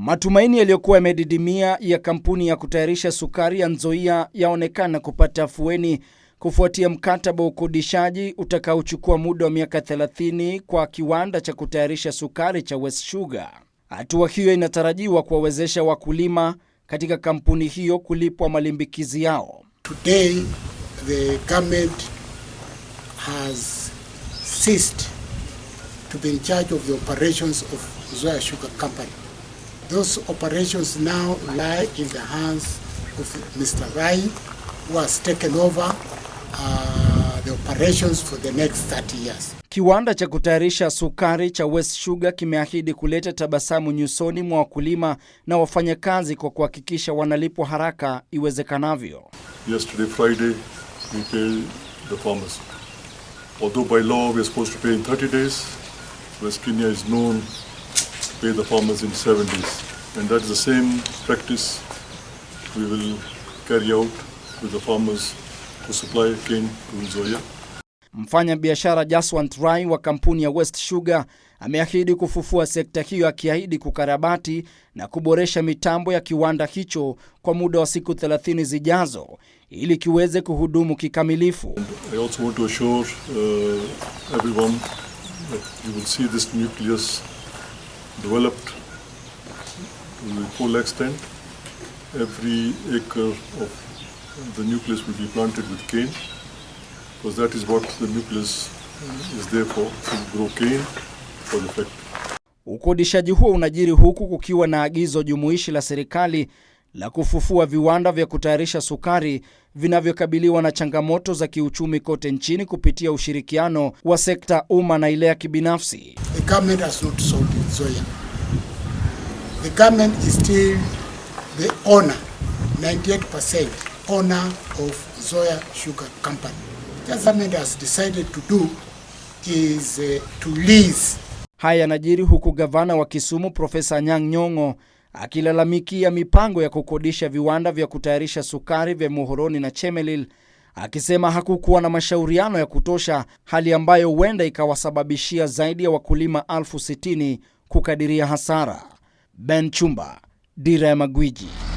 Matumaini yaliyokuwa yamedidimia ya kampuni ya kutayarisha sukari ya Nzoia yaonekana kupata afueni kufuatia mkataba wa ukodishaji utakaochukua muda wa miaka 30 kwa kiwanda cha kutayarisha sukari cha West Sugar. Hatua hiyo inatarajiwa kuwawezesha wakulima katika kampuni hiyo kulipwa malimbikizi yao. Today, the government has ceased to be in charge of the operations of Nzoia Sugar Company. Those operations now lie in the hands of Mr. Rai, who has taken over uh, the operations for the next 30 years. Kiwanda cha kutayarisha sukari cha West Sugar kimeahidi kuleta tabasamu nyusoni mwa wakulima na wafanyakazi kwa kuhakikisha wanalipwa haraka iwezekanavyo. Yesterday Friday we pay the farmers. Although by law we are supposed to pay in 30 days, West Kenya is known pay the farmers in seven days. And that is the same practice we will carry out with the farmers who supply cane to Nzoia. biashara Jaswant Rai wa kampuni ya West Sugar ameahidi kufufua sekta hiyo, akiahidi kukarabati na kuboresha mitambo ya kiwanda hicho kwa muda wa siku 30 zijazo ili kiweze kuhudumu kikamilifu. I also want to assure uh, everyone that you will see this nucleus developed to the full extent. Every acre of the nucleus will be planted with cane because that is what the nucleus is there for, to grow cane for the factory. Ukodishaji huo unajiri huku kukiwa na agizo jumuishi la serikali la kufufua viwanda vya kutayarisha sukari vinavyokabiliwa na changamoto za kiuchumi kote nchini kupitia ushirikiano wa sekta umma na ile ya kibinafsi. Haya yanajiri huku gavana wa Kisumu Profesa Anyang' Nyong'o akilalamikia mipango ya kukodisha viwanda vya kutayarisha sukari vya Muhoroni na Chemelil, akisema hakukuwa na mashauriano ya kutosha, hali ambayo huenda ikawasababishia zaidi ya wakulima elfu sitini kukadiria hasara. Ben Chumba, Dira ya Magwiji.